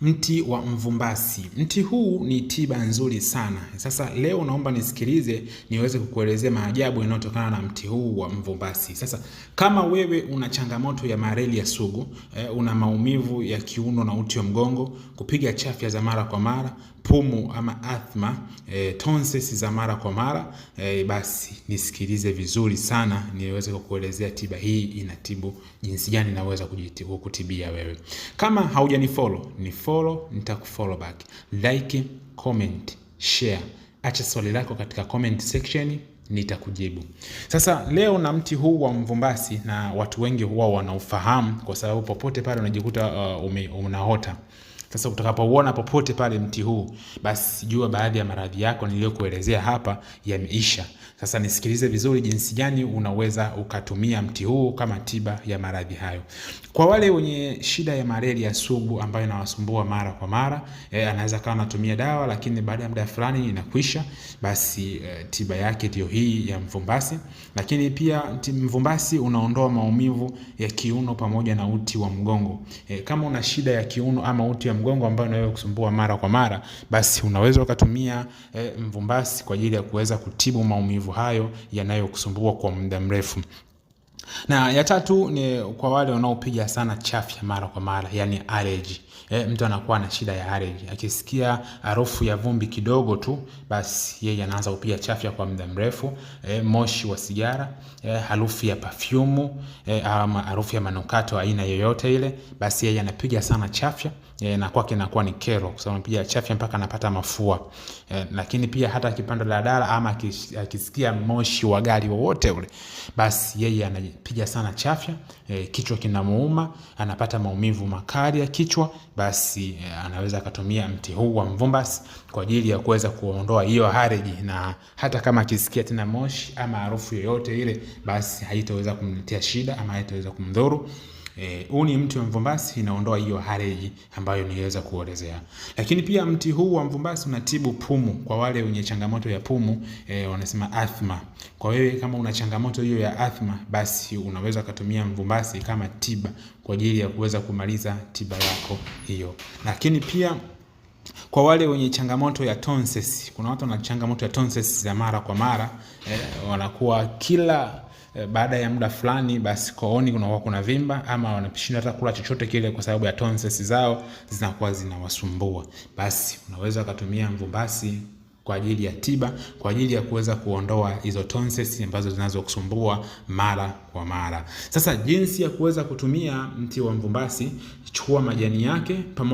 Mti wa mvumbasi. Mti huu ni tiba nzuri sana. Sasa leo naomba nisikilize niweze kukuelezea maajabu yanayotokana na mti huu wa mvumbasi. Sasa kama wewe una changamoto ya malaria sugu eh, una maumivu ya kiuno na uti wa mgongo, kupiga chafya za mara kwa mara, pumu ama athma e, eh, tonsils za mara kwa mara e, basi nisikilize vizuri sana niweze kukuelezea tiba hii inatibu jinsi gani naweza kutibia wewe. Kama haujanifollow ni follow, nitakufollow back. Like, comment, share. Acha swali lako katika comment section nitakujibu. Sasa leo na mti huu wa mvumbasi, na watu wengi huwa wanaufahamu kwa sababu popote pale unajikuta uh, unaota sasa utakapouona popote pale mti huu, basi jua baadhi ya maradhi yako niliyokuelezea hapa yameisha. Sasa nisikilize vizuri, jinsi gani unaweza ukatumia mti huu kama tiba ya maradhi hayo. Kwa wale wenye shida ya malaria sugu ambayo inawasumbua mara kwa mara, e, anaweza kawa anatumia dawa lakini baada ya muda fulani inakwisha, basi e, tiba yake ndio hii ya mvumbasi. Lakini pia mvumbasi unaondoa maumivu ya kiuno pamoja na uti wa mgongo. E, kama una shida ya kiuno ama uti wa mgongo ambayo inaweza kusumbua mara kwa mara, basi unaweza ukatumia eh, mvumbasi kwa ajili ya kuweza kutibu maumivu hayo yanayokusumbua kwa muda mrefu na ya tatu ni kwa wale wanaopiga sana chafya mara kwa mara, yani allergy. E, mtu anakuwa na shida ya allergy. Akisikia harufu ya vumbi kidogo tu, basi yeye anaanza kupiga chafya kwa muda mrefu. E, moshi wa sigara, e, harufu ya perfume, e, ama harufu ya manukato aina yoyote ile, basi yeye anapiga sana chafya. E, na kwake inakuwa ni kero kwa sababu anapiga chafya mpaka anapata mafua. E, lakini pia hata kipando la dala ama akisikia moshi wa gari wowote ule, basi yeye ana anapiga sana chafya e, kichwa kinamuuma, anapata maumivu makali ya kichwa, basi e, anaweza akatumia mti huu wa mvumbas kwa ajili ya kuweza kuondoa hiyo hareji na hata kama akisikia tena moshi ama harufu yoyote ile, basi haitaweza kumletea shida ama haitaweza kumdhuru. Eh, huu e, ni mti wa mvumbasi inaondoa hiyo hareji ambayo niweza kuelezea. Lakini pia mti huu wa mvumbasi unatibu pumu kwa wale wenye changamoto ya pumu e, wanasema athma. Kwa wewe kama una changamoto hiyo ya athma, basi unaweza kutumia mvumbasi kama tiba kwa ajili ya kuweza kumaliza tiba yako hiyo. Lakini pia kwa wale wenye changamoto ya tonsils, kuna watu wana changamoto ya tonsils za mara kwa mara e, wanakuwa kila Eh, baada ya muda fulani, basi kooni kunakuwa kuna vimba, ama wanashindwa hata kula chochote kile kwa sababu ya tonsils zao zinakuwa zinawasumbua. Basi unaweza ukatumia mvumbasi kwa ajili ya tiba, kwa ajili ya kuweza kuondoa hizo tonsils ambazo zinazokusumbua mara kwa mara. Sasa jinsi ya kuweza kutumia mti wa mvumbasi, chukua majani yake